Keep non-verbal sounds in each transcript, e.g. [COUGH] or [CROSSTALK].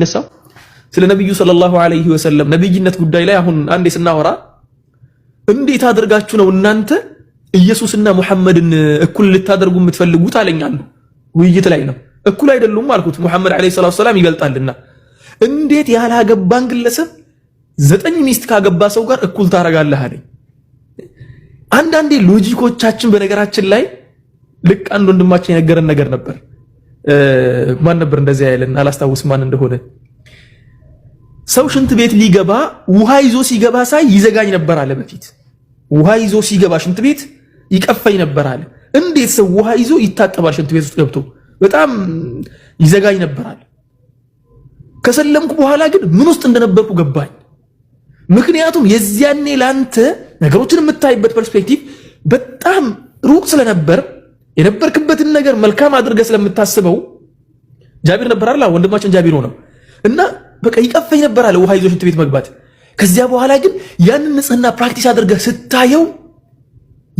የሚነሳው ስለ ነቢዩ ሰለላሁ ዐለይሂ ወሰለም ነቢይነት ጉዳይ ላይ አሁን አንዴ ስናወራ እንዴት አድርጋችሁ ነው እናንተ ኢየሱስና ሙሐመድን እኩል ልታደርጉ የምትፈልጉት አለኝ አሉ። ውይይት ላይ ነው። እኩል አይደሉም አልኩት። ሙሐመድ ዐለይሂ ሰላቱ ሰላም ይበልጣልና እንዴት ያላገባን ግለሰብ ዘጠኝ ሚስት ካገባ ሰው ጋር እኩል ታረጋለህ አለኝ። አንዳንዴ ሎጂኮቻችን በነገራችን ላይ ልክ አንድ ወንድማችን የነገረን ነገር ነበር ማን ነበር እንደዚያ ያለን? አላስታውስ ማን እንደሆነ። ሰው ሽንት ቤት ሊገባ ውሃ ይዞ ሲገባ ሳይ ይዘጋኝ ነበር አለ። በፊት ውሃ ይዞ ሲገባ ሽንት ቤት ይቀፋኝ ነበር አለ። እንዴት ሰው ውሃ ይዞ ይታጠባል? ሽንት ቤት ውስጥ ገብቶ በጣም ይዘጋኝ ነበር አለ። ከሰለምኩ በኋላ ግን ምን ውስጥ እንደነበርኩ ገባኝ። ምክንያቱም የዚያኔ ላንተ ነገሮችን የምታይበት ፐርስፔክቲቭ በጣም ሩቅ ስለነበር የነበርክበትን ነገር መልካም አድርገ ስለምታስበው ጃቢር ነበር አላ ወንድማችን ጃቢር ሆነው እና በቃ ይቀፈኝ ነበር አለ ውሃ ይዞ ሽንት ቤት መግባት። ከዚያ በኋላ ግን ያንን ንጽህና ፕራክቲስ አድርገ ስታየው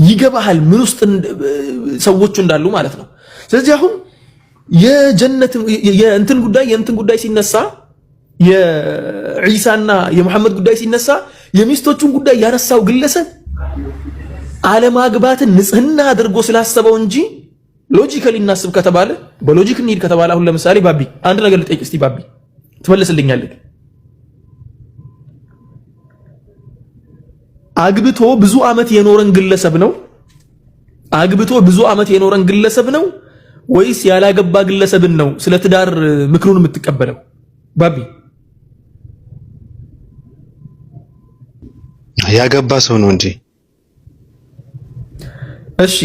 ይገባሃል ምን ውስጥ ሰዎቹ እንዳሉ ማለት ነው። ስለዚህ አሁን የእንትን ጉዳይ የእንትን ጉዳይ ሲነሳ የዒሳና የመሐመድ ጉዳይ ሲነሳ የሚስቶቹን ጉዳይ ያነሳው ግለሰብ አለማግባትን ንጽህና አድርጎ ስላሰበው እንጂ ሎጂካሊ እናስብ ከተባለ በሎጂክ እንሂድ ከተባለ አሁን ለምሳሌ ባቢ አንድ ነገር ልጠይቅ እስቲ ባቢ ትመልስልኛለህ። አግብቶ ብዙ ዓመት የኖረን ግለሰብ ነው አግብቶ ብዙ ዓመት የኖረን ግለሰብ ነው ወይስ ያላገባ ግለሰብን ነው ስለ ትዳር ምክሩን የምትቀበለው? ባቢ ያገባ ሰው ነው እንጂ እሺ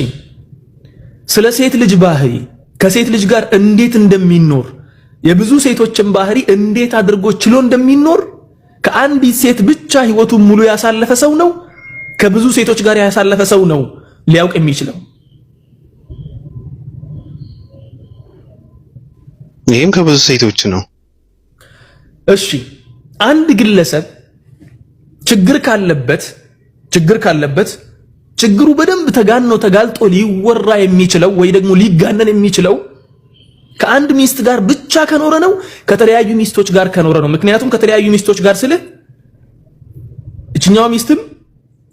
ስለ ሴት ልጅ ባህሪ ከሴት ልጅ ጋር እንዴት እንደሚኖር የብዙ ሴቶችን ባህሪ እንዴት አድርጎ ችሎ እንደሚኖር ከአንዲት ሴት ብቻ ህይወቱን ሙሉ ያሳለፈ ሰው ነው ከብዙ ሴቶች ጋር ያሳለፈ ሰው ነው ሊያውቅ የሚችለው። ይህም ከብዙ ሴቶች ነው። እሺ አንድ ግለሰብ ችግር ካለበት ችግር ካለበት ችግሩ በደንብ ተጋኖ ተጋልጦ ሊወራ የሚችለው ወይ ደግሞ ሊጋነን የሚችለው ከአንድ ሚስት ጋር ብቻ ከኖረ ነው፣ ከተለያዩ ሚስቶች ጋር ከኖረ ነው። ምክንያቱም ከተለያዩ ሚስቶች ጋር ስልህ እችኛዋ ሚስትም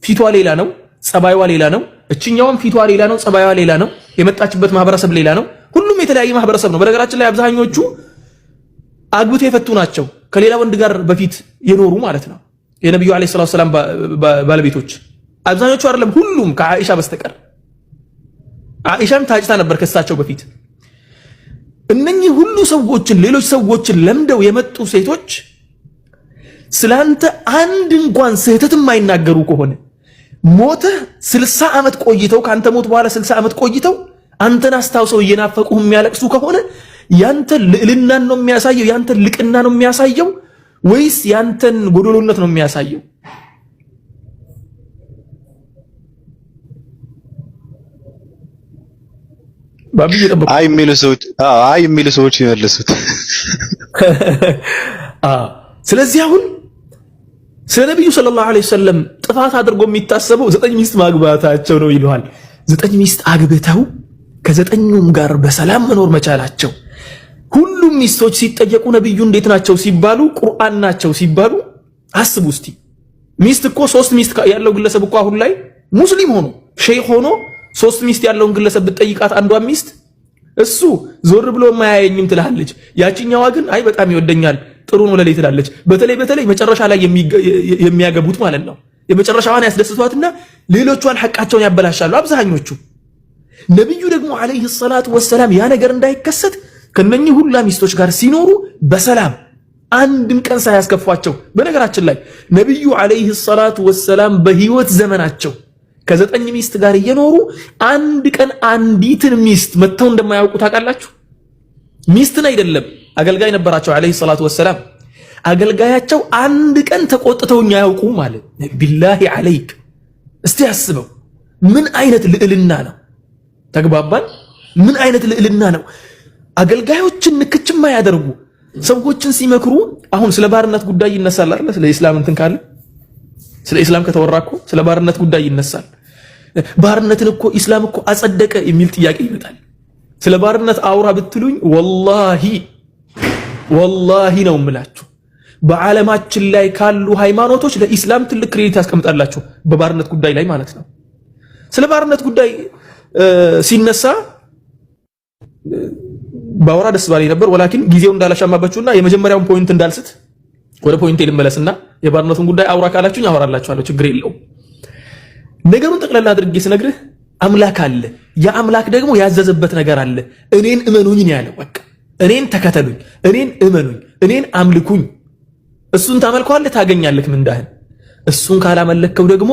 ፊቷ ሌላ ነው፣ ጸባይዋ ሌላ ነው። እችኛዋም ፊቷ ሌላ ነው፣ ጸባይዋ ሌላ ነው። የመጣችበት ማህበረሰብ ሌላ ነው። ሁሉም የተለያየ ማህበረሰብ ነው። በነገራችን ላይ አብዛኞቹ አግብተው የፈቱ ናቸው፣ ከሌላ ወንድ ጋር በፊት የኖሩ ማለት ነው። የነቢዩ ዓለይሂ ሰላም ባለቤቶች አብዛኞቹ አይደለም ሁሉም ከአኢሻ በስተቀር አኢሻም ታጭታ ነበር ከሳቸው በፊት። እነኚህ ሁሉ ሰዎችን ሌሎች ሰዎችን ለምደው የመጡ ሴቶች ስላንተ አንድ እንኳን ስህተት የማይናገሩ ከሆነ ሞተህ ስልሳ ዓመት ቆይተው ከአንተ ሞት በኋላ ስልሳ ዓመት ቆይተው አንተን አስታውሰው እየናፈቁ የሚያለቅሱ ከሆነ ያንተ ልዕልናን ነው የሚያሳየው? ያንተን ልቅና ነው የሚያሳየው? ወይስ ያንተን ጎዶሎነት ነው የሚያሳየው? አይ የሚሉ ሰዎች አይ የሚሉ ሰዎች የመለሱት። [LAUGHS] ስለዚህ አሁን ስለ ነቢዩ ሰለላሁ ዐለይሂ ወሰለም ጥፋት አድርጎ የሚታሰበው ዘጠኝ ሚስት ማግባታቸው ነው ይለዋል። ዘጠኝ ሚስት አግብተው ከዘጠኙም ጋር በሰላም መኖር መቻላቸው። ሁሉም ሚስቶች ሲጠየቁ ነቢዩ እንዴት ናቸው ሲባሉ ቁርአን ናቸው ሲባሉ፣ አስቡ እስቲ ሚስት እኮ ሶስት ሚስት ያለው ግለሰብ እኮ አሁን ላይ ሙስሊም ሆኖ ሼህ ሆኖ ሶስት ሚስት ያለውን ግለሰብ ብትጠይቃት አንዷ ሚስት እሱ ዞር ብሎ ማያየኝም ትላለች። ያችኛዋ ግን አይ በጣም ይወደኛል ጥሩ ነው ለሌ ትላለች። በተለይ በተለይ መጨረሻ ላይ የሚያገቡት ማለት ነው። የመጨረሻዋን ያስደስቷትና ሌሎቿን ሐቃቸውን ያበላሻሉ አብዛኞቹ። ነቢዩ ደግሞ አለይሂ ሰላቱ ወሰላም ያ ነገር እንዳይከሰት ከነኚህ ሁላ ሚስቶች ጋር ሲኖሩ በሰላም አንድም ቀን ሳያስከፏቸው። በነገራችን ላይ ነቢዩ አለይሂ ሰላቱ ወሰላም በህይወት ዘመናቸው ከዘጠኝ ሚስት ጋር እየኖሩ አንድ ቀን አንዲትን ሚስት መተው እንደማያውቁ ታውቃላችሁ። ሚስትን አይደለም አገልጋይ ነበራቸው አለይሂ ሰላቱ ወሰላም። አገልጋያቸው አንድ ቀን ተቆጥተው አያውቁም ማለት ቢላሂ አለይክ። እስቲ አስበው፣ ምን አይነት ልዕልና ነው? ተግባባን? ምን አይነት ልዕልና ነው? አገልጋዮችን ንክችም አያደርጉ ሰዎችን ሲመክሩ። አሁን ስለ ባርነት ጉዳይ ይነሳል አይደል? ስለ እንትን ካለ ስለ ኢስላም ከተወራ እኮ ስለ ባርነት ጉዳይ ይነሳል። ባርነትን እኮ ኢስላም እኮ አጸደቀ የሚል ጥያቄ ይመጣል። ስለ ባርነት አውራ ብትሉኝ ወላሂ ወላሂ ነው የምላችሁ በዓለማችን ላይ ካሉ ሃይማኖቶች ለኢስላም ትልቅ ክሬዲት ያስቀምጣላችሁ በባርነት ጉዳይ ላይ ማለት ነው። ስለ ባርነት ጉዳይ ሲነሳ በአውራ ደስ ባለኝ ነበር። ወላኪን ጊዜው እንዳላሻማባችሁና የመጀመሪያውን ፖይንት እንዳልስት ወደ ፖይንቴ ልመለስና የባርነቱን ጉዳይ አውራ ካላችሁኝ አወራላችኋለሁ፣ ችግር የለውም። ነገሩን ጠቅላላ አድርጌ ስነግርህ አምላክ አለ። አምላክ ደግሞ ያዘዘበት ነገር አለ። እኔን እመኑኝ ነው ያለው። በቃ እኔን ተከተሉኝ፣ እኔን እመኑኝ፣ እኔን አምልኩኝ። እሱን ታመልከዋለህ፣ ታገኛለህ ምንዳህን። እሱን ካላመለከው ደግሞ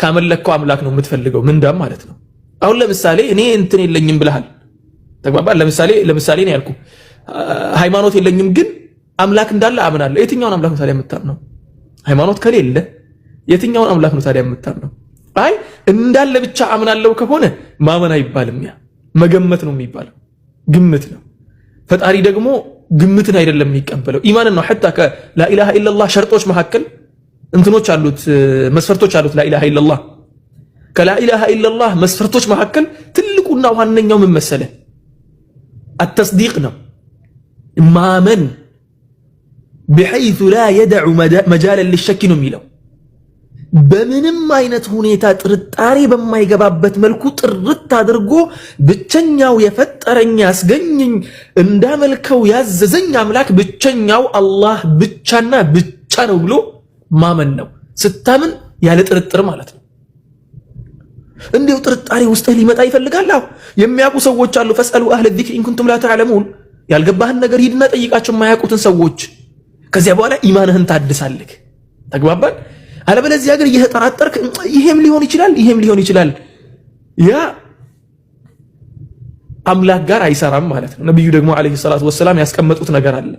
ካመለከው አምላክ ነው የምትፈልገው ምንዳም ማለት ነው። አሁን ለምሳሌ እኔ እንትን የለኝም ብለሃል፣ ተግባባን። ለምሳሌ ለምሳሌ ነው ያልኩ፣ ሃይማኖት የለኝም ግን አምላክ እንዳለ አምናለሁ። የትኛውን አምላክ ምሳሌ የምታምነው? ሃይማኖት ከሌለ የትኛውን አምላክ ነው ታዲያ የምታምነው? አይ እንዳለ ብቻ አምናለው ከሆነ ማመን አይባልም። ያ መገመት ነው የሚባለው፣ ግምት ነው። ፈጣሪ ደግሞ ግምትን አይደለም የሚቀበለው ኢማንን ነው። ሐታ ከላኢላሃ ኢለላህ ሸርጦች መካከል እንትኖች አሉት፣ መስፈርቶች አሉት። ላኢላሃ ኢለላህ ከላኢላሃ ኢለላህ መስፈርቶች መካከል ትልቁና ዋነኛው ምን መሰለ? አተስዲቅ ነው ማመን ቢሐይቱ ላ የደዑ መጃለን ሊሸኪ ነው የሚለው። በምንም አይነት ሁኔታ ጥርጣሬ በማይገባበት መልኩ ጥርት አድርጎ ብቸኛው የፈጠረኝ ያስገኘኝ እንዳመልከው ያዘዘኝ አምላክ ብቸኛው አላህ ብቻና ብቻ ነው ብሎ ማመን ነው። ስታምን ያለ ጥርጥር ማለት ነው። እንዲሁ ጥርጣሬ ውስጥህ ሊመጣ ይፈልጋል። አዎ የሚያውቁ ሰዎች አሉ። ፈስአሉ አህለ ዚክር ኢንኩንቱም ላ ተዕለሙን። ያልገባህን ነገር ሂድና ጠይቃቸው የማያውቁትን ሰዎች ከዚያ በኋላ ኢማንህን ታድሳለህ። ተግባባን። አለበለዚያ ግን እየተጠራጠርክ ይሄም ሊሆን ይችላል ይሄም ሊሆን ይችላል፣ ያ አምላክ ጋር አይሰራም ማለት ነው። ነቢዩ ደግሞ ዓለይሂ ሰላቱ ወሰላም ያስቀመጡት ነገር አለ።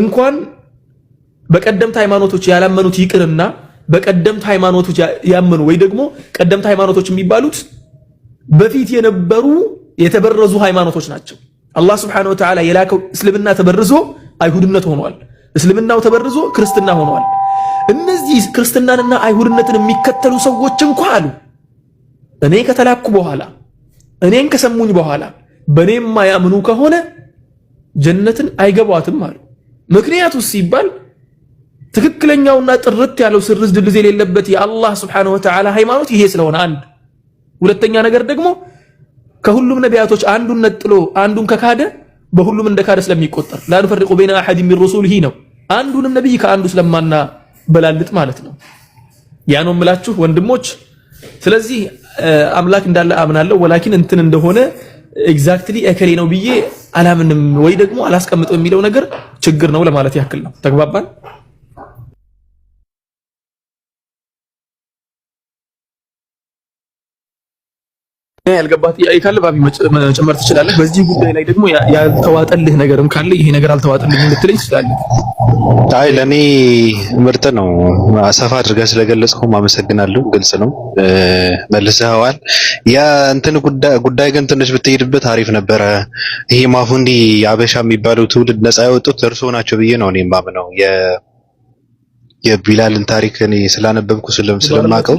እንኳን በቀደምት ሃይማኖቶች ያላመኑት ይቅርና በቀደምት ሃይማኖቶች ያመኑ ወይ ደግሞ ቀደምት ሃይማኖቶች የሚባሉት በፊት የነበሩ የተበረዙ ሃይማኖቶች ናቸው። አላህ ስብሐነሁ ወተዓላ የላከው እስልምና ተበርዞ አይሁድነት ሆኗል። እስልምናው ተበርዞ ክርስትና ሆኗል። እነዚህ ክርስትናንና አይሁድነትን የሚከተሉ ሰዎች እንኳ አሉ እኔ ከተላኩ በኋላ እኔን ከሰሙኝ በኋላ በእኔ የማያምኑ ከሆነ ጀነትን አይገቧትም አሉ። ምክንያቱ ሲባል ትክክለኛውና ጥርት ያለው ስርዝ ድልዝ የሌለበት የአላህ ስብሓነሁ ወተዓላ ሃይማኖት ይሄ ስለሆነ አንድ ሁለተኛ ነገር ደግሞ ከሁሉም ነቢያቶች አንዱን ነጥሎ አንዱን ከካደ በሁሉም እንደ ካደ ስለሚቆጠር ላንፈርቁ በይነ አሐድ ሚን ሩሱሊሂ ነው። አንዱንም ነቢይ ከአንዱ ስለማና በላልጥ ማለት ነው። ያ ነው የምላችሁ ወንድሞች። ስለዚህ አምላክ እንዳለ አምናለሁ። ወላኪን እንትን እንደሆነ ኤግዛክትሊ እከሌ ነው ብዬ አላምንም ወይ ደግሞ አላስቀምጠው የሚለው ነገር ችግር ነው ለማለት ያክል ነው። ተግባባን። ያልገባት ጥያቄ ካለ ባቢ መጨመር ትችላለህ። በዚህ ጉዳይ ላይ ደግሞ ያልተዋጠልህ ነገርም ካለ ይሄ ነገር አልተዋጠልህ ልትለኝ ትችላለህ። አይ ለእኔ ምርጥ ነው። ሰፋ አድርጋ ስለገለጽከው አመሰግናለሁ። ግልጽ ነው፣ መልሰዋል። ያ እንትን ጉዳይ ግን ትንሽ ብትሄድበት አሪፍ ነበረ። ይሄ ማፉንዲ አበሻ የሚባለው ትውልድ ነፃ ያወጡት እርሶ ናቸው ብዬ ነው እኔ የማምነው። የቢላልን ታሪክ እኔ ስላነበብኩ ስለማቀው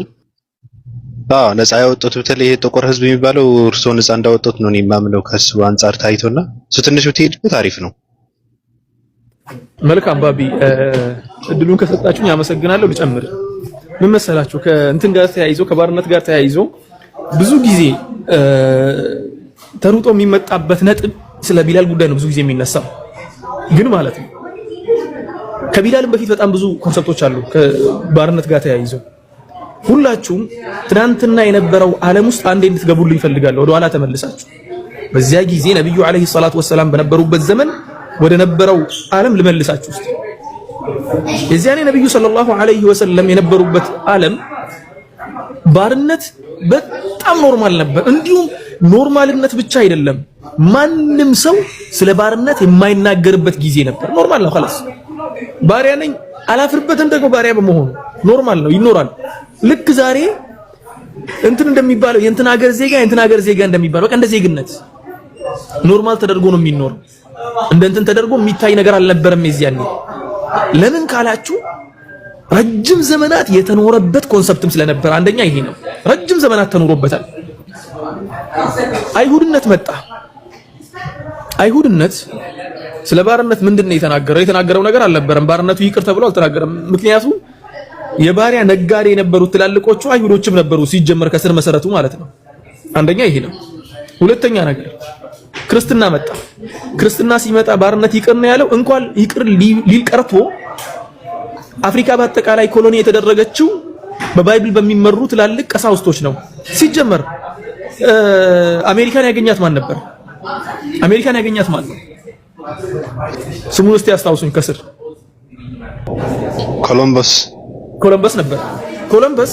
አዎ ነፃ ያወጡት በተለይ ጥቁር ህዝብ የሚባለው እርሶ ነፃ እንዳወጡት ነው የማምነው። ከሱ አንጻር ታይቶና እሱ ትንሽ ብትሄድበት አሪፍ ነው። መልካም ባቢ፣ እድሉን ከሰጣችሁኝ አመሰግናለሁ። ልጨምር ምን መሰላችሁ፣ ከእንትን ጋር ተያይዞ ከባርነት ጋር ተያይዞ ብዙ ጊዜ ተሩጦ የሚመጣበት ነጥብ ስለ ቢላል ጉዳይ ነው ብዙ ጊዜ የሚነሳው ግን ማለት ነው ከቢላልም በፊት በጣም ብዙ ኮንሰፕቶች አሉ ከባርነት ጋር ተያይዘው ሁላችሁም ትናንትና የነበረው ዓለም ውስጥ አንዴ እንድትገቡልኝ ፈልጋለሁ። ወደ ኋላ ተመልሳችሁ በዚያ ጊዜ ነብዩ አለይሂ ሰላቱ ወሰላም በነበሩበት ዘመን ወደ ነበረው ዓለም ልመልሳችሁ ውስጥ የዚያኔ ነብዩ ሰለላሁ ዐለይሂ ወሰለም የነበሩበት ዓለም ባርነት በጣም ኖርማል ነበር። እንዲሁም ኖርማልነት ብቻ አይደለም፣ ማንም ሰው ስለ ባርነት የማይናገርበት ጊዜ ነበር። ኖርማል ነው ባሪያ ነኝ አላፍርበትም። ደግሞ ባሪያ በመሆኑ ኖርማል ነው ይኖራል። ልክ ዛሬ እንትን እንደሚባለው የእንትን ሀገር ዜጋ የእንትን ሀገር ዜጋ እንደሚባለው በቃ እንደ ዜግነት ኖርማል ተደርጎ ነው የሚኖር። እንደ እንትን ተደርጎ የሚታይ ነገር አልነበረም የዚያኔ። ለምን ካላችሁ ረጅም ዘመናት የተኖረበት ኮንሰፕትም ስለነበረ አንደኛ ይሄ ነው። ረጅም ዘመናት ተኖሮበታል። አይሁድነት መጣ። አይሁድነት ስለ ባርነት ምንድን ነው የተናገረው? የተናገረው ነገር አልነበረም። ባርነቱ ይቅር ተብሎ አልተናገረም። ምክንያቱም የባሪያ ነጋዴ የነበሩት ትላልቆቹ አይሁዶችም ነበሩ፣ ሲጀመር ከስር መሰረቱ ማለት ነው። አንደኛ ይሄ ነው። ሁለተኛ ነገር ክርስትና መጣ። ክርስትና ሲመጣ ባርነት ይቅር ነው ያለው። እንኳን ይቅር ሊል ቀርቶ አፍሪካ በአጠቃላይ ኮሎኒ የተደረገችው በባይብል በሚመሩ ትላልቅ ቀሳውስቶች ነው። ሲጀመር አሜሪካን ያገኛት ማን ነበር? አሜሪካን ያገኛት ማን ነው? ስሙን እስቲ ያስታውሱኝ። ከስር ኮሎምበስ ኮሎምበስ ነበር። ኮሎምበስ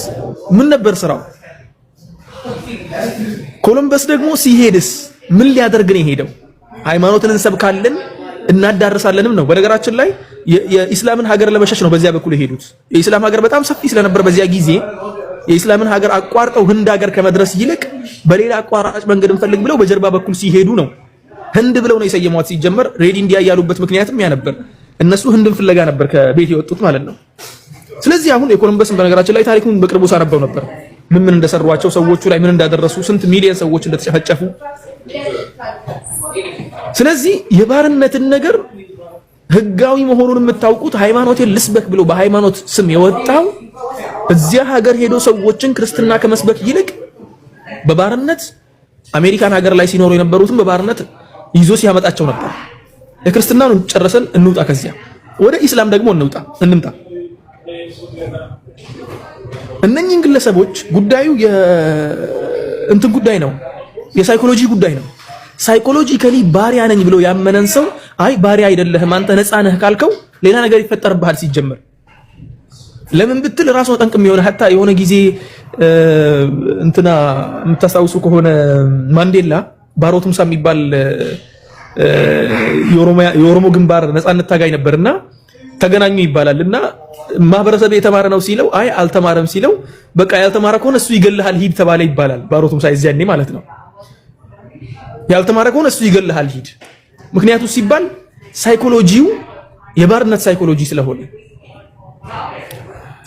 ምን ነበር ስራው? ኮሎምበስ ደግሞ ሲሄድስ ምን ሊያደርግ ነው የሄደው? ሃይማኖትን እንሰብካለን እናዳርሳለንም ነው። በነገራችን ላይ የኢስላምን ሀገር ለመሸሽ ነው በዚያ በኩል የሄዱት። የኢስላም ሀገር በጣም ሰፊ ስለነበር በዚያ ጊዜ የኢስላምን ሀገር አቋርጠው ህንድ ሀገር ከመድረስ ይልቅ በሌላ አቋራጭ መንገድ እንፈልግ ብለው በጀርባ በኩል ሲሄዱ ነው ህንድ ብለው ነው የሰየሟት። ሲጀመር ሬድ ኢንዲያ ያሉበት ምክንያትም ያ ነበር። እነሱ ህንድን ፍለጋ ነበር ከቤት የወጡት ማለት ነው። ስለዚህ አሁን የኮሎምበስን በነገራችን ላይ ታሪኩን በቅርቡ ሳነበው ነበር ምን ምን እንደሰሯቸው ሰዎቹ ላይ ምን እንዳደረሱ ስንት ሚሊዮን ሰዎች እንደተጨፈጨፉ። ስለዚህ የባርነትን ነገር ህጋዊ መሆኑን የምታውቁት ሃይማኖቴን ልስበክ ብሎ በሃይማኖት ስም የወጣው እዚያ ሀገር ሄዶ ሰዎችን ክርስትና ከመስበክ ይልቅ በባርነት አሜሪካን ሀገር ላይ ሲኖሩ የነበሩትም በባርነት ይዞ ሲያመጣቸው ነበር። የክርስትናውን ጨረሰን እንውጣ፣ ከዚያ ወደ ኢስላም ደግሞ እንውጣ እንምጣ። እነኚህን ግለሰቦች ጉዳዩ የእንትን ጉዳይ ነው፣ የሳይኮሎጂ ጉዳይ ነው። ሳይኮሎጂካሊ ባሪያ ነኝ ብሎ ያመነን ሰው አይ ባሪያ አይደለህም አንተ ነፃ ነህ ካልከው ሌላ ነገር ይፈጠርብሃል። ሲጀመር ለምን ብትል ራሱ ጠንቅም የሆነ ሀታ የሆነ ጊዜ እንትና የምታስታውሱ ከሆነ ማንዴላ ባሮ ትምሳ የሚባል የኦሮሞ ግንባር ነፃነት ታጋይ ነበርና ተገናኙ ይባላል እና ማህበረሰብ የተማረ ነው ሲለው፣ አይ አልተማረም ሲለው፣ በቃ ያልተማረ ከሆነ እሱ ይገልሃል ሂድ ተባለ ይባላል። ባሮ ትምሳ ማለት ነው። ያልተማረ ከሆነ እሱ ይገልሃል ሂድ። ምክንያቱ ሲባል ሳይኮሎጂው የባርነት ሳይኮሎጂ ስለሆነ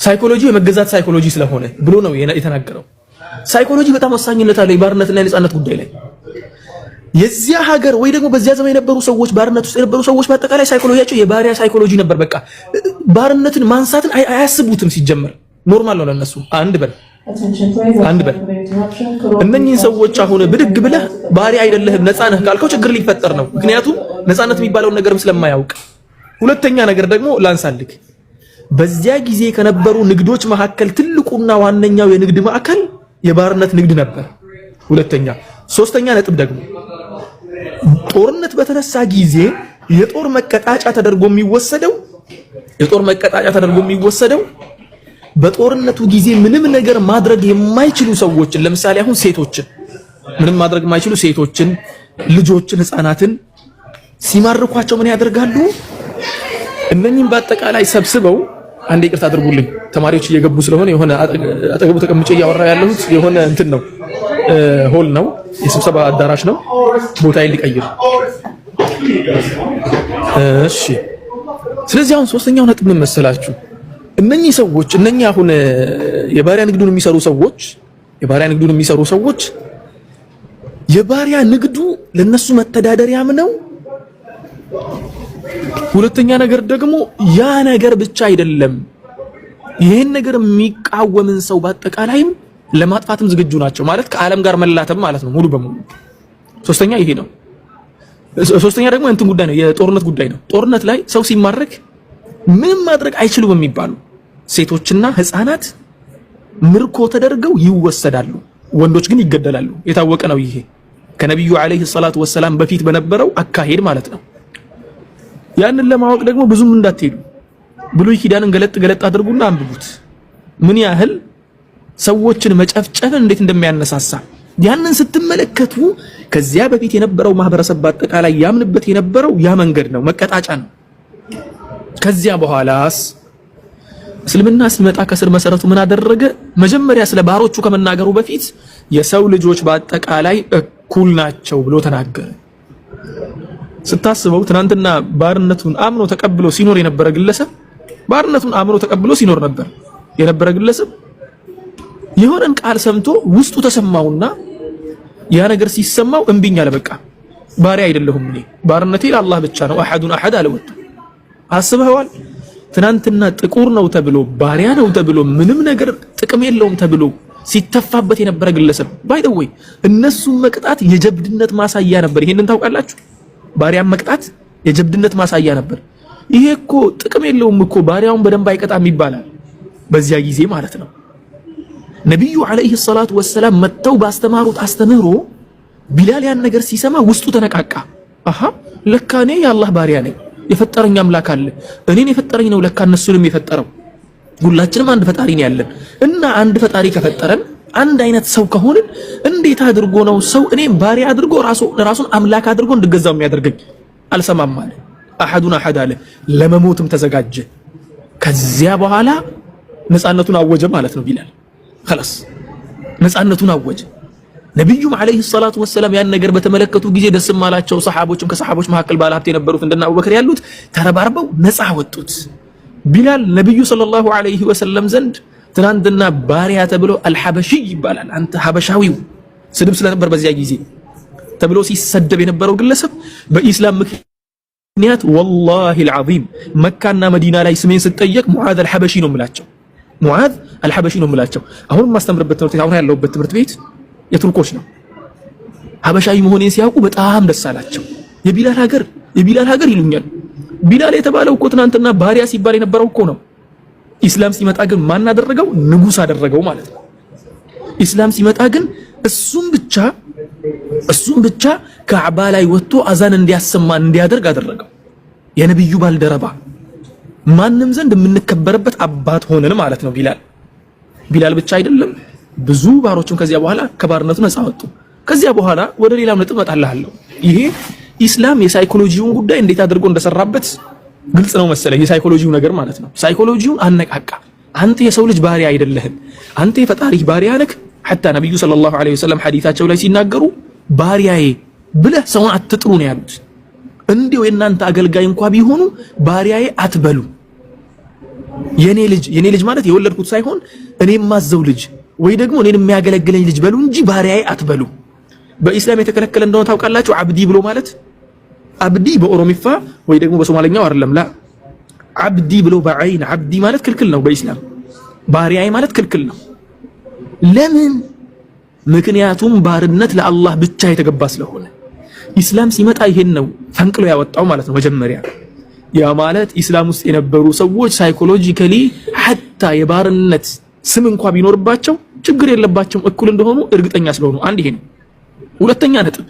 ሳይኮሎጂው የመገዛት ሳይኮሎጂ ስለሆነ ብሎ ነው የተናገረው። ሳይኮሎጂ በጣም ወሳኝነት አለው የባርነትና የነፃነት ጉዳይ ላይ የዚያ ሀገር ወይ ደግሞ በዚያ ዘመን የነበሩ ሰዎች ባርነት ውስጥ የነበሩ ሰዎች በአጠቃላይ ሳይኮሎጂያቸው የባሪያ ሳይኮሎጂ ነበር። በቃ ባርነትን ማንሳትን አያስቡትም። ሲጀመር ኖርማል ነው ለነሱ። አንድ በል አንድ በል እነኚህን ሰዎች አሁን ብድግ ብለህ ባሪያ አይደለህም ነፃ ነህ ካልከው ችግር ሊፈጠር ነው። ምክንያቱም ነፃነት የሚባለውን ነገርም ስለማያውቅ። ሁለተኛ ነገር ደግሞ ላንሳልክ፣ በዚያ ጊዜ ከነበሩ ንግዶች መካከል ትልቁና ዋነኛው የንግድ ማዕከል የባርነት ንግድ ነበር። ሁለተኛ ሶስተኛ ነጥብ ደግሞ ጦርነት በተነሳ ጊዜ የጦር መቀጣጫ ተደርጎ የሚወሰደው የጦር መቀጣጫ ተደርጎ የሚወሰደው በጦርነቱ ጊዜ ምንም ነገር ማድረግ የማይችሉ ሰዎችን ለምሳሌ አሁን ሴቶችን ምንም ማድረግ የማይችሉ ሴቶችን፣ ልጆችን፣ ህፃናትን ሲማርኳቸው ምን ያደርጋሉ? እነኚህም በአጠቃላይ ሰብስበው አንዴ ይቅርታ አድርጉልኝ ተማሪዎች እየገቡ ስለሆነ የሆነ አጠገቡ ተቀምጬ እያወራ ያለሁት የሆነ እንትን ነው። ሆል ነው፣ የስብሰባ አዳራሽ ነው። ቦታዬን ሊቀይር እሺ። ስለዚህ አሁን ሶስተኛው ነጥብ ምን መሰላችሁ? እነኚህ ሰዎች እነኚህ አሁን የባሪያ ንግዱን የሚሰሩ ሰዎች የባሪያ ንግዱን የሚሰሩ ሰዎች የባሪያ ንግዱ ለነሱ መተዳደሪያም ነው። ሁለተኛ ነገር ደግሞ ያ ነገር ብቻ አይደለም፣ ይህን ነገር የሚቃወምን ሰው በአጠቃላይም ለማጥፋትም ዝግጁ ናቸው ማለት ከዓለም ጋር መላተም ማለት ነው ሙሉ በሙሉ ሶስተኛ ይሄ ነው። ሶስተኛ ደግሞ እንትን ጉዳይ ነው የጦርነት ጉዳይ ነው። ጦርነት ላይ ሰው ሲማረክ ምንም ማድረግ አይችሉም የሚባሉ ሴቶችና ህፃናት ምርኮ ተደርገው ይወሰዳሉ፣ ወንዶች ግን ይገደላሉ። የታወቀ ነው ይሄ ከነቢዩ አለይሂ ሰላቱ ወሰላም በፊት በነበረው አካሄድ ማለት ነው። ያንን ለማወቅ ደግሞ ብዙም እንዳትሄዱ ብሉይ ኪዳንን ገለጥ ገለጥ አድርጉና አንብቡት ምን ያህል ሰዎችን መጨፍጨፍን እንዴት እንደሚያነሳሳ ያንን ስትመለከቱ ከዚያ በፊት የነበረው ማህበረሰብ በአጠቃላይ ያምንበት የነበረው ያ መንገድ ነው፣ መቀጣጫ ነው። ከዚያ በኋላስ እስልምና ሲመጣ ከስር መሰረቱ ምን አደረገ? መጀመሪያ ስለ ባሮቹ ከመናገሩ በፊት የሰው ልጆች በአጠቃላይ እኩል ናቸው ብሎ ተናገረ። ስታስበው ትናንትና ባርነቱን አምኖ ተቀብሎ ሲኖር የነበረ ግለሰብ ባርነቱን አምኖ ተቀብሎ ሲኖር ነበር የነበረ ግለሰብ የሆነን ቃል ሰምቶ ውስጡ ተሰማውና ያ ነገር ሲሰማው እምቢኝ አለ። በቃ ባሪያ አይደለሁም እኔ ባርነቴ ለአላህ ብቻ ነው። አሐዱን አሐድ አለወጡ አስበዋል። ትናንትና ጥቁር ነው ተብሎ ባሪያ ነው ተብሎ ምንም ነገር ጥቅም የለውም ተብሎ ሲተፋበት የነበረ ግለሰብ ወይ እነሱን መቅጣት የጀብድነት ማሳያ ነበር። ይሄንን ታውቃላችሁ። ባሪያን መቅጣት የጀብድነት ማሳያ ነበር። ይሄ እኮ ጥቅም የለውም እኮ ባሪያውን በደንብ አይቀጣም ይባላል በዚያ ጊዜ ማለት ነው። ነቢዩ ዓለይሂ ሰላቱ ወሰላም መጥተው ባስተማሩት አስተምህሮ ቢላል ያን ነገር ሲሰማ ውስጡ ተነቃቃ። አሃ ለካ እኔ የአላህ ባሪያ ነኝ፣ የፈጠረኝ አምላክ አለ፣ እኔን የፈጠረኝ ነው ለካ እነሱንም የፈጠረው። ሁላችንም አንድ ፈጣሪ ነው ያለን እና አንድ ፈጣሪ ከፈጠረን አንድ አይነት ሰው ከሆንን እንዴት አድርጎ ነው ሰው እኔም ባሪያ አድርጎ ራሱን አምላክ አድርጎ እንድገዛው የሚያደርገኝ? አልሰማም አለ። አሐዱን አሐድ አለ። ለመሞትም ተዘጋጀ። ከዚያ በኋላ ነፃነቱን አወጀ ማለት ነው ቢላል ኸላስ ነፃነቱን አወጀ። ነቢዩም ዓለይሂ ሰላቱ ወሰላም ያን ነገር በተመለከቱ ጊዜ ደስም አላቸው። ሰሓቦችም ከሰሓቦች መካከል ባለሀብት የነበሩት እንደና አቡበክር ያሉት ተረባርበው ነፃ ወጡት። ቢላል ነቢዩ ሰለላሁ ዓለይሂ ወሰለም ዘንድ ትናንትና ባሪያ ተብሎ አልሐበሽይ ይባላል። አንተ ሀበሻዊው ስድብ ስለነበር በዚያ ጊዜ ተብሎ ሲሰደብ የነበረው ግለሰብ በኢስላም ምክንያት ወላሂ አልዓዚም መካና መዲና ላይ ስሜን ስጠየቅ ሙዓዝ አልሐበሺ ነው የምላቸው። ሙዓዝ አልሐበሺ ነው የምላቸው። አሁን የማስተምርበት ትምህርት ቤት አሁን ያለሁበት ትምህርት ቤት የቱርኮች ነው። ሀበሻዊ መሆኔን ሲያውቁ በጣም ደስ አላቸው። የቢላል ሀገር የቢላል ሀገር ይሉኛል። ቢላል የተባለው እኮ ትናንትና ባሪያ ሲባል የነበረው እኮ ነው። ኢስላም ሲመጣ ግን ማን አደረገው? ንጉስ አደረገው ማለት ነው። ኢስላም ሲመጣ ግን እሱም ብቻ እሱም ብቻ ከዕባ ላይ ወጥቶ አዛን እንዲያሰማ እንዲያደርግ አደረገው። የነብዩ ባልደረባ ማንም ዘንድ የምንከበርበት አባት ሆነን ማለት ነው። ቢላል ቢላል ብቻ አይደለም፣ ብዙ ባሮችም ከዚያ በኋላ ከባርነቱ ነፃ ወጡ። ከዚያ በኋላ ወደ ሌላም ነጥብ እመጣልሃለሁ። ይሄ ኢስላም የሳይኮሎጂውን ጉዳይ እንዴት አድርጎ እንደሰራበት ግልጽ ነው መሰለኝ። የሳይኮሎጂው ነገር ማለት ነው። ሳይኮሎጂውን አነቃቃ። አንተ የሰው ልጅ ባሪያ አይደለህም፣ አንተ የፈጣሪህ ባሪያ ነህ። ሐታ ነብዩ ሰለላሁ ዐለይሂ ወሰለም ሐዲታቸው ላይ ሲናገሩ ባሪያዬ ብለህ ሰውን አትጥሩ ነው ያሉት። እንዲሁ የእናንተ አገልጋይ እንኳ ቢሆኑ ባሪያዬ አትበሉ የኔ ልጅ የኔ ልጅ ማለት የወለድኩት ሳይሆን እኔ የማዘው ልጅ ወይ ደግሞ እኔን የሚያገለግለኝ ልጅ በሉ እንጂ ባሪያዬ አትበሉ። በኢስላም የተከለከለ እንደሆነ ታውቃላችሁ። አብዲ ብሎ ማለት አብዲ በኦሮሚፋ ወይ ደግሞ በሶማሊኛው አይደለም። ላ አብዲ ብሎ በአይን አብዲ ማለት ክልክል ነው በኢስላም ባሪያዬ ማለት ክልክል ነው። ለምን? ምክንያቱም ባርነት ለአላህ ብቻ የተገባ ስለሆነ ኢስላም ሲመጣ ይሄን ነው ፈንቅሎ ያወጣው ማለት ነው መጀመሪያ ያ ማለት ኢስላም ውስጥ የነበሩ ሰዎች ሳይኮሎጂካሊ ሐታ የባርነት ስም እንኳ ቢኖርባቸው ችግር የለባቸውም እኩል እንደሆኑ እርግጠኛ ስለሆኑ፣ አንድ ይሄ ነው። ሁለተኛ ነጥብ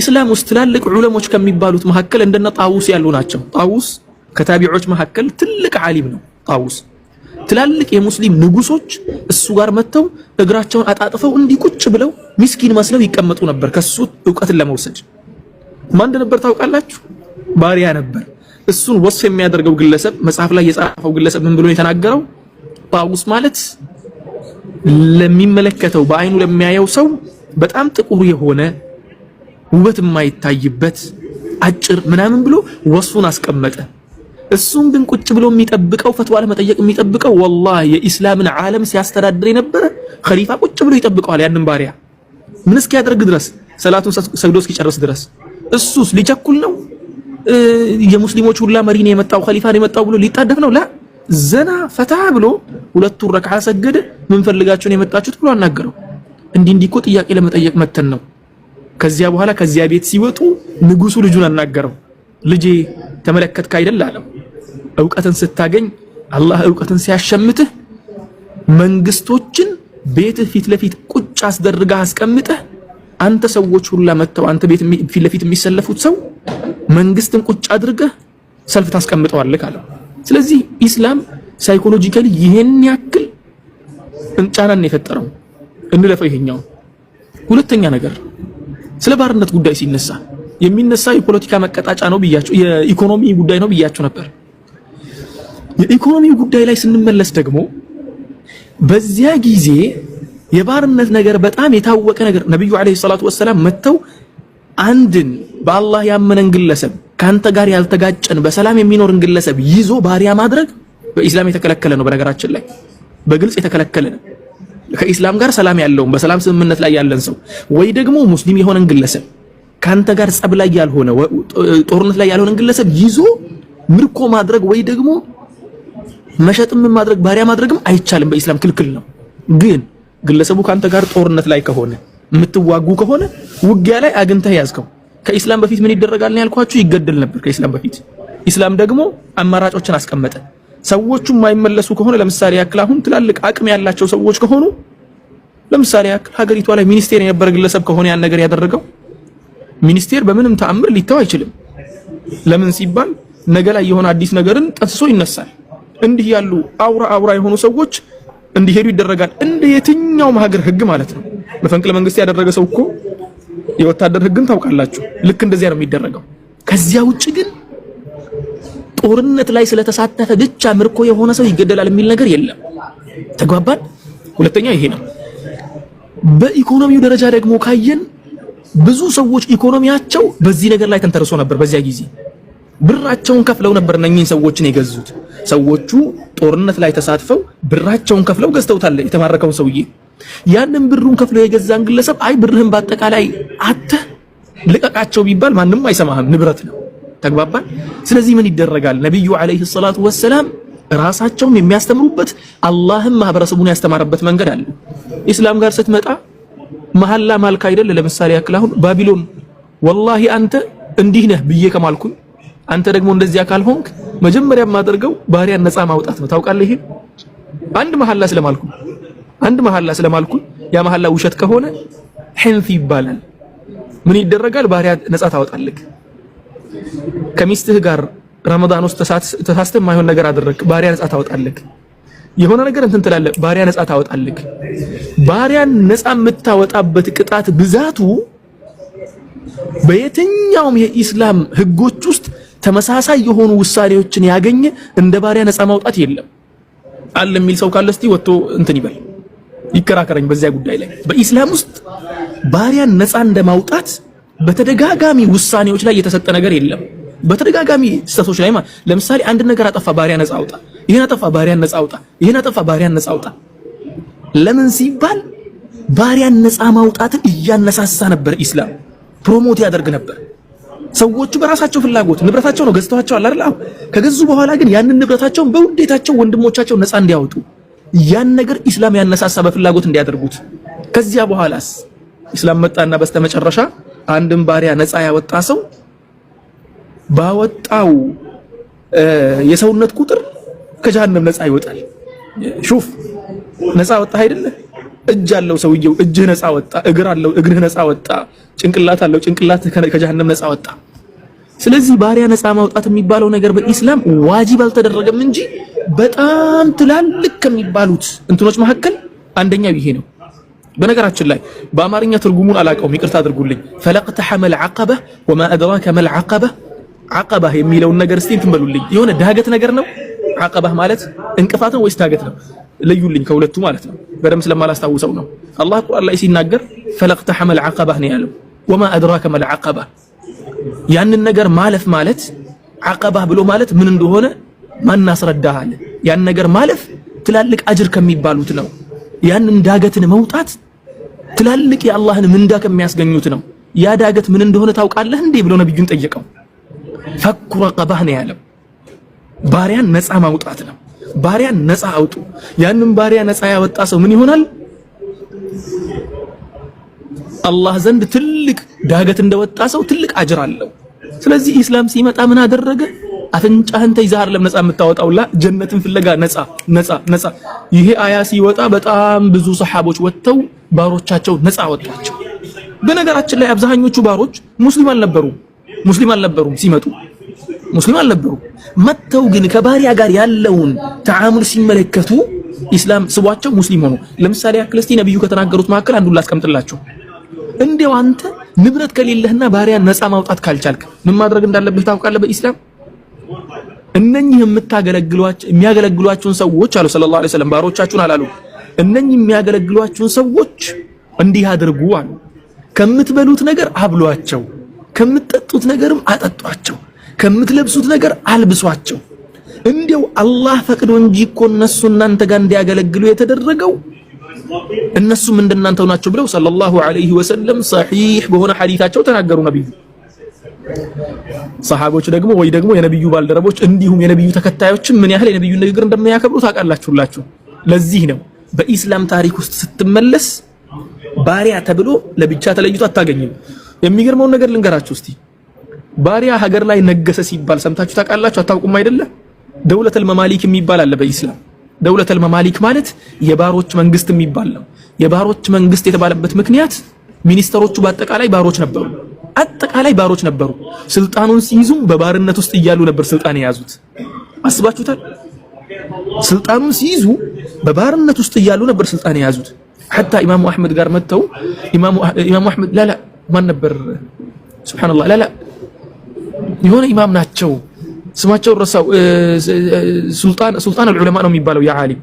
ኢስላም ውስጥ ትላልቅ ዑለሞች ከሚባሉት መካከል እንደነ ጣውስ ያሉ ናቸው። ጣውስ ከታቢዖች መካከል ትልቅ ዓሊም ነው። ጣውስ ትላልቅ የሙስሊም ንጉሶች እሱ ጋር መጥተው እግራቸውን አጣጥፈው እንዲህ ቁጭ ብለው ሚስኪን መስለው ይቀመጡ ነበር፣ ከሱ እውቀትን ለመውሰድ ማን እንደነበር ታውቃላችሁ? ባሪያ ነበር። እሱን ወስፍ የሚያደርገው ግለሰብ መጽሐፍ ላይ የጻፈው ግለሰብ ምን ብሎ የተናገረው ጣውስ ማለት ለሚመለከተው በአይኑ ለሚያየው ሰው በጣም ጥቁር የሆነ ውበት የማይታይበት አጭር ምናምን ብሎ ወስፉን አስቀመጠ። እሱን ግን ቁጭ ብሎ የሚጠብቀው ፈትዋ ለመጠየቅ የሚጠብቀው ወላሂ የኢስላምን ዓለም ሲያስተዳድር የነበረ ኸሊፋ ቁጭ ብሎ ይጠብቀዋል። ያንን ባሪያ ምን እስኪያደርግ ድረስ ሰላቱን ሰግዶ እስኪጨርስ ድረስ እሱስ ሊቸኩል ነው። የሙስሊሞች ሁላ መሪ ነው የመጣው ኸሊፋ ነው የመጣው ብሎ ሊጣደፍ ነው። ላ ዘና ፈታ ብሎ ሁለቱ ረክዓ ሰገደ። ምን ፈልጋችሁ ነው የመጣችሁት ብሎ አናገረው። እንዲህ እንዲህ እኮ ጥያቄ ለመጠየቅ መተን ነው። ከዚያ በኋላ ከዚያ ቤት ሲወጡ ንጉሱ ልጁን አናገረው። ልጄ ተመለከትክ አይደል አለው። እውቀትን ስታገኝ አላህ እውቀትን ሲያሸምትህ መንግስቶችን ቤትህ ፊት ለፊት ቁጭ አስደርጋ አስቀምጠህ አንተ ሰዎች ሁላ መጥተው አንተ ቤት ፊት ለፊት የሚሰለፉት ሰው መንግስትን ቁጭ አድርገህ ሰልፍ ታስቀምጠዋለህ አለው። ስለዚህ ኢስላም ሳይኮሎጂካሊ ይሄን ያክል ጫናን የፈጠረው እንለፈው። ይሄኛው ሁለተኛ ነገር ስለ ባርነት ጉዳይ ሲነሳ የሚነሳ የፖለቲካ መቀጣጫ ነው ብያችሁ የኢኮኖሚ ጉዳይ ነው ብያችሁ ነበር። የኢኮኖሚ ጉዳይ ላይ ስንመለስ ደግሞ በዚያ ጊዜ የባርነት ነገር በጣም የታወቀ ነገር ነብዩ አለይሂ ሰላቱ ወሰላም መጥተው አንድን በአላህ ያመነን ግለሰብ ከአንተ ጋር ያልተጋጨን በሰላም የሚኖርን ግለሰብ ይዞ ባሪያ ማድረግ በኢስላም የተከለከለ ነው። በነገራችን ላይ በግልጽ የተከለከለ ነው። ከኢስላም ጋር ሰላም ያለውን በሰላም ስምምነት ላይ ያለን ሰው ወይ ደግሞ ሙስሊም የሆነን ግለሰብ ከአንተ ጋር ጸብ ላይ ያልሆነ ጦርነት ላይ ያልሆነን ግለሰብ ይዞ ምርኮ ማድረግ ወይ ደግሞ መሸጥም ማድረግ ባሪያ ማድረግም አይቻልም። በኢስላም ክልክል ነው። ግን ግለሰቡ ከአንተ ጋር ጦርነት ላይ ከሆነ የምትዋጉ ከሆነ ውጊያ ላይ አግኝተህ ያዝከው። ከኢስላም በፊት ምን ይደረጋል ነው ያልኳችሁ? ይገደል ነበር ከኢስላም በፊት። ኢስላም ደግሞ አማራጮችን አስቀመጠ። ሰዎቹ የማይመለሱ ከሆነ ለምሳሌ ያክል አሁን ትላልቅ አቅም ያላቸው ሰዎች ከሆኑ ለምሳሌ ያክል ሀገሪቷ ላይ ሚኒስቴር የነበረ ግለሰብ ከሆነ ያን ነገር ያደረገው ሚኒስቴር በምንም ተአምር ሊተው አይችልም። ለምን ሲባል ነገ ላይ የሆነ አዲስ ነገርን ጠንስሶ ይነሳል። እንዲህ ያሉ አውራ አውራ የሆኑ ሰዎች እንዲሄዱ ይደረጋል። እንደ የትኛውም ሀገር ህግ ማለት ነው። መፈንቅለ መንግስት ያደረገ ሰው እኮ የወታደር ህግን ታውቃላችሁ። ልክ እንደዚያ ነው የሚደረገው። ከዚያ ውጭ ግን ጦርነት ላይ ስለተሳተፈ ብቻ ምርኮ የሆነ ሰው ይገደላል የሚል ነገር የለም። ተግባባን። ሁለተኛ ይሄ ነው። በኢኮኖሚው ደረጃ ደግሞ ካየን ብዙ ሰዎች ኢኮኖሚያቸው በዚህ ነገር ላይ ተንተርሶ ነበር በዚያ ጊዜ ብራቸውን ከፍለው ነበር እነኚህን ሰዎችን የገዙት። ሰዎቹ ጦርነት ላይ ተሳትፈው ብራቸውን ከፍለው ገዝተውታል የተማረከውን ሰውዬ። ያንን ብሩን ከፍለው የገዛን ግለሰብ አይ ብርህን በአጠቃላይ አተ ልቀቃቸው ቢባል ማንም አይሰማህም፣ ንብረት ነው። ተግባባል ስለዚህ ምን ይደረጋል? ነቢዩ አለይሂ ሰላቱ ወሰላም ራሳቸውም የሚያስተምሩበት አላህም ማህበረሰቡን ያስተማረበት መንገድ አለ። ኢስላም ጋር ስትመጣ መሐላ ማልክ አይደል? ለምሳሌ ያክል አሁን ባቢሎን ወላሂ አንተ እንዲህ ነህ ብዬ ከማልኩኝ አንተ ደግሞ እንደዚያ ካልሆንክ መጀመሪያ የማደርገው ባሪያን ነፃ ማውጣት ነው። ታውቃለህ፣ ይሄ አንድ መሐላ ስለማልኩ አንድ መሐላ ስለማልኩ ያ መሐላ ውሸት ከሆነ ሕንፍ ይባላል። ምን ይደረጋል? ባሪያ ነፃ ታወጣለህ። ከሚስትህ ጋር ረመዳን ውስጥ ተሳስተህ ማይሆን ነገር አደረግክ፣ ባሪያ ነፃ ታወጣለህ። የሆነ ነገር እንትን ትላለህ፣ ባሪያ ነፃ ታወጣለህ። ባሪያን ነፃ የምታወጣበት ቅጣት ብዛቱ በየትኛውም የኢስላም ህጎች ውስጥ ተመሳሳይ የሆኑ ውሳኔዎችን ያገኘ እንደ ባሪያ ነፃ ማውጣት የለም አለ የሚል ሰው ካለ እስቲ ወጥቶ እንትን ይበል ይከራከረኝ በዚያ ጉዳይ ላይ። በኢስላም ውስጥ ባሪያን ነፃ ማውጣት በተደጋጋሚ ውሳኔዎች ላይ የተሰጠ ነገር የለም። በተደጋጋሚ ስህተቶች ላይ ማለት ለምሳሌ አንድ ነገር አጠፋ፣ ባሪያ ነፃ አውጣ፣ ይሄን አጠፋ፣ ባሪያን ነፃ አውጣ፣ ይሄን አጠፋ፣ ባሪያን ነፃ አውጣ። ለምን ሲባል ባሪያን ነፃ ማውጣትን እያነሳሳ ነበር፣ ኢስላም ፕሮሞት ያደርግ ነበር። ሰዎቹ በራሳቸው ፍላጎት ንብረታቸው ነው አለ አይደል? ከገዙ በኋላ ግን ያንን ንብረታቸውን በውዴታቸው ወንድሞቻቸው ነፃ እንዲያወጡ ያን ነገር ኢስላም ያነሳሳ በፍላጎት እንዲያደርጉት። ከዚያ በኋላስ ኢስላም መጣና በስተመጨረሻ አንድን ባሪያ ነፃ ያወጣ ሰው ባወጣው የሰውነት ቁጥር ከጀሃነም ነፃ ይወጣል። ሹፍ ነፃ ወጣ አይደለ? እጅ አለው ሰውየው እጅህ ነፃ ወጣ፣ እግር አለው እግርህ ነፃ ወጣ። ጭንቅላት አለው። ጭንቅላት ከጀሃነም ነፃ ወጣ። ስለዚህ ባሪያ ነፃ ማውጣት የሚባለው ነገር በኢስላም ዋጅብ አልተደረገም እንጂ በጣም ትላልቅ ከሚባሉት እንትኖች መካከል አንደኛው ይሄ ነው። በነገራችን ላይ በአማርኛ ትርጉሙን አላውቀውም፣ ይቅርታ አድርጉልኝ። ፈለቅተሐ መልዓቀበ ወማ አድራከ መልዓቀበ ዓቀባ የሚለውን ነገር እስቲ እንትን በሉልኝ። የሆነ ዳገት ነገር ነው። ዓቀባህ ማለት እንቅፋት ነው ወይስ ዳገት ነው? ለዩልኝ ከሁለቱ ማለት ነው። በደምብ ስለማላስታውሰው ነው። አላህ ቁርአን ላይ ሲናገር ፈለቅተሐ መልዓቀባህ ነው ያለው። ወማ አድራከ መል ዓቀባ ያንን ነገር ማለፍ ማለት ዓቀባ ብሎ ማለት ምን እንደሆነ ማናስረዳሃል። ያን ነገር ማለፍ ትላልቅ አጅር ከሚባሉት ነው። ያንን ዳገትን መውጣት ትላልቅ የአላህን ምንዳ ከሚያስገኙት ነው። ያ ዳገት ምን እንደሆነ ታውቃለህ እንዴ ብሎ ነብዩን ጠየቀው። ፈኩ ረቀባህ ነው ያለው። ባሪያን ነፃ ማውጣት ነው። ባሪያን ነፃ አውጡ። ያንን ባሪያ ነፃ ያወጣ ሰው ምን ይሆናል? አላህ ዘንድ ትልቅ ዳገት እንደወጣ ሰው ትልቅ አጅር አለው። ስለዚህ ኢስላም ሲመጣ ምን አደረገ? አፍንጫህን ተይዘህ አይደለም ነፃ የምታወጣውላ ጀነትን ፍለጋ ነፃ ነፃ ነፃ። ይሄ አያ ሲወጣ በጣም ብዙ ሰሓቦች ወጥተው ባሮቻቸው ነፃ ወጧቸው። በነገራችን ላይ አብዛኞቹ ባሮች ሙስሊም አልነበሩም፣ ሙስሊም አልነበሩም ሲመጡ ሙስሊም አልነበሩም። መጥተው ግን ከባሪያ ጋር ያለውን ተዓሙል ሲመለከቱ ኢስላም ስቧቸው ሙስሊም ሆኑ። ለምሳሌ አክል ነብዩ ከተናገሩት መካከል አንዱን ላስቀምጥላችሁ። እንዴው አንተ ንብረት ከሌለህና ባሪያን ነፃ ማውጣት ካልቻልክ ምን ማድረግ እንዳለብህ ታውቃለህ? በኢስላም እነኚህ የምታገለግሏቸው የሚያገለግሏቸውን ሰዎች አሉ ሰለላሁ ዐለይሂ ወሰለም ባሮቻችሁን አላሉ። እነኚህ የሚያገለግሏቸውን ሰዎች እንዲህ አድርጉ አሉ። ከምትበሉት ነገር አብሏቸው፣ ከምትጠጡት ነገርም አጠጧቸው፣ ከምትለብሱት ነገር አልብሷቸው። እንዴው አላህ ፈቅዶ እንጂ እኮ እነሱ እናንተ ጋር እንዲያገለግሉ የተደረገው እነሱም እንደናንተው ናቸው ብለው ሰለላሁ ዐለይሂ ወሰለም ሰሒህ በሆነ ሐዲታቸው ተናገሩ ነብዩ። ሰሃቦች ደግሞ ወይ ደግሞ የነብዩ ባልደረቦች እንዲሁም የነብዩ ተከታዮችም ምን ያህል የነብዩ ንግግር እንደሚያከብሩ ታውቃላችሁላችሁ። ለዚህ ነው በኢስላም ታሪክ ውስጥ ስትመለስ ባሪያ ተብሎ ለብቻ ተለይቶ አታገኝም። የሚገርመውን ነገር ልንገራችሁ እስቲ። ባሪያ ሀገር ላይ ነገሰ ሲባል ሰምታችሁ ታውቃላችሁ? አታውቁም አይደለ? ደውለተል መማሊክ የሚባል አለ በኢስላም ደውለተል መማሊክ ማለት የባሮች መንግስት የሚባል ነው። የባሮች መንግስት የተባለበት ምክንያት ሚኒስተሮቹ በአጠቃላይ ባሮች ነበሩ። አጠቃላይ ባሮች ነበሩ። ስልጣኑን ሲይዙም በባርነት ውስጥ እያሉ ነበር ስልጣን የያዙት። አስባችሁታል? ስልጣኑን ሲይዙ በባርነት ውስጥ እያሉ ነበር ስልጣን የያዙት። ሐታ ኢማሙ አህመድ ጋር መጥተው ኢማሙ አህመድ ላላ ማን ነበር? ሱብሃነላህ ላላ የሆነ ኢማም ናቸው ስማቸውን ረሳው። ሱልጣን አልዑለማ ነው የሚባለው ያ ዓሊም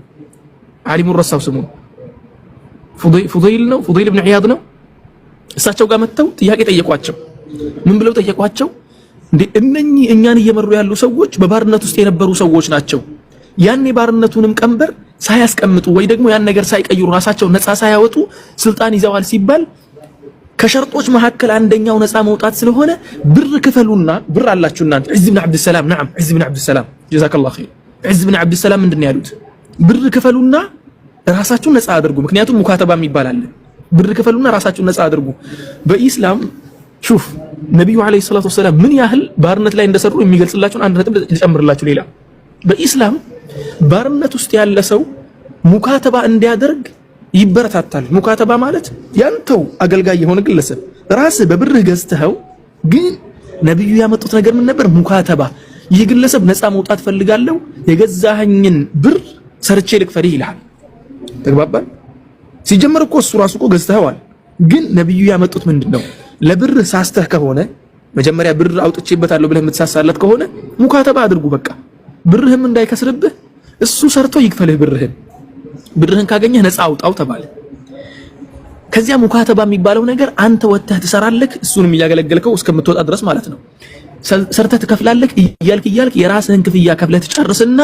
ዓሊሙን ረሳው ስሙ ፉደይል ነው ፉደይል ብን ዒያድ ነው። እሳቸው ጋር መጥተው ጥያቄ ጠየቋቸው። ምን ብለው ጠየቋቸው? እንዴ እነኚህ እኛን እየመሩ ያሉ ሰዎች በባርነት ውስጥ የነበሩ ሰዎች ናቸው። ያን የባርነቱንም ቀንበር ሳያስቀምጡ ወይ ደግሞ ያን ነገር ሳይቀይሩ ራሳቸው ነፃ ሳያወጡ ስልጣን ይዘዋል ሲባል ከሸርጦች መካከል አንደኛው ነፃ መውጣት ስለሆነ ብር ክፈሉና፣ ብር አላችሁ እናንተ። ዒዝ ብን ዓብድሰላም ናም፣ ዒዝ ብን ዓብድሰላም ጀዛከላሁ ኸይር። ዒዝ ብን ዓብድሰላም ምንድን ነው ያሉት? ብር ክፈሉና ራሳችሁን ነፃ አድርጉ። ምክንያቱም ሙካተባ የሚባል አለ። ብር ክፈሉና ራሳችሁን ነፃ አድርጉ። በኢስላም ሹፍ፣ ነቢዩ ዓለይሂ ሰላቱ ወሰላም ምን ያህል ባርነት ላይ እንደሰሩ የሚገልጽላችሁን አንድ ነጥብ ልጨምርላችሁ። ሌላ በኢስላም ባርነት ውስጥ ያለ ሰው ሙካተባ እንዲያደርግ ይበረታታል። ሙካተባ ማለት ያንተው አገልጋይ የሆነ ግለሰብ ራስህ በብርህ ገዝተኸው ግን ነብዩ ያመጡት ነገር ምን ነበር? ሙካተባ። ይህ ግለሰብ ነፃ መውጣት ፈልጋለሁ የገዛኸኝን ብር ሰርቼ ልክፈልህ ይልሃል። ተግባባል። ሲጀመር እኮ እሱ ራሱ እኮ ገዝተኸዋል። ግን ነብዩ ያመጡት ምንድን ነው? ለብርህ ሳስተህ ከሆነ መጀመሪያ ብር አውጥቼበታለሁ ብለህ የምትሳሳለት ከሆነ ሙካተባ አድርጉ። በቃ ብርህም እንዳይከስርብህ እሱ ሰርቶ ይክፈልህ ብርህን ብድርህን ካገኘህ ነፃ አውጣው ተባለ። ከዚያ ሙካተባ የሚባለው ነገር አንተ ወጥተህ ትሰራለህ፣ እሱንም እያገለገልከው እስከምትወጣ ድረስ ማለት ነው። ሰርተህ ትከፍላለህ እያልክ እያልክ የራስህን ክፍያ ከፍለህ ትጨርስና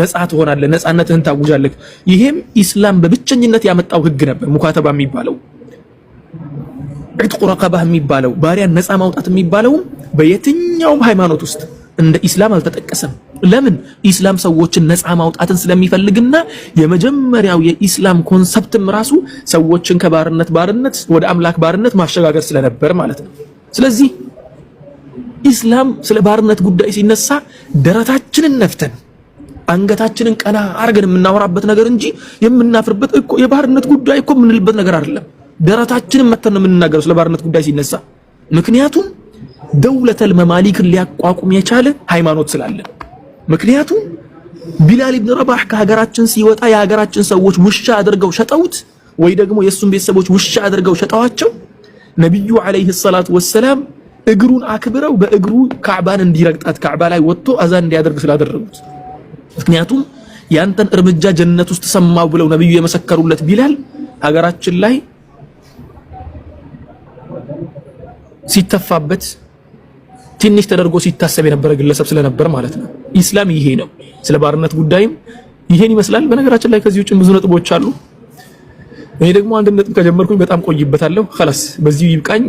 ነፃ ትሆናለህ፣ ነፃነትህን ታውጃለህ። ይሄም ኢስላም በብቸኝነት ያመጣው ህግ ነበር። ሙካተባ የሚባለው ዕጥቁ ረቀባህ የሚባለው ባሪያን ነፃ ማውጣት የሚባለውም በየትኛውም ሃይማኖት ውስጥ እንደ ኢስላም አልተጠቀሰም። ለምን? ኢስላም ሰዎችን ነፃ ማውጣትን ስለሚፈልግና የመጀመሪያው የኢስላም ኮንሰፕትም ራሱ ሰዎችን ከባርነት ባርነት ወደ አምላክ ባርነት ማሸጋገር ስለነበር ማለት ነው። ስለዚህ ኢስላም ስለ ባርነት ጉዳይ ሲነሳ ደረታችንን ነፍተን አንገታችንን ቀና አርገን የምናወራበት ነገር እንጂ የምናፍርበት እኮ የባርነት ጉዳይ እኮ የምንልበት ነገር አይደለም። ደረታችንን መተን ነው የምንናገረው ስለ ባርነት ጉዳይ ሲነሳ ምክንያቱም ደውለተል መማሊክን ሊያቋቁም የቻለ ሃይማኖት ስላለ። ምክንያቱም ቢላል ኢብን ረባህ ከሀገራችን ሲወጣ የሀገራችን ሰዎች ውሻ አድርገው ሸጠውት ወይ ደግሞ የእሱን ቤተሰቦች ውሻ አድርገው ሸጠዋቸው። ነቢዩ ዓለይሂ ሰላቱ ወሰላም እግሩን አክብረው በእግሩ ካዕባን እንዲረግጣት ካዕባ ላይ ወጥቶ አዛን እንዲያደርግ ስላደረጉት፣ ምክንያቱም ያንተን እርምጃ ጀነት ውስጥ ሰማው ብለው ነቢዩ የመሰከሩለት ቢላል ሀገራችን ላይ ሲተፋበት ትንሽ ተደርጎ ሲታሰብ የነበረ ግለሰብ ስለነበር ማለት ነው። ኢስላም ይሄ ነው። ስለ ባርነት ጉዳይም ይሄን ይመስላል። በነገራችን ላይ ከዚህ ውጭም ብዙ ነጥቦች አሉ። እኔ ደግሞ አንድ ነጥብ ከጀመርኩኝ በጣም ቆይበታለሁ። ኸላስ በዚህ ይብቃኝ።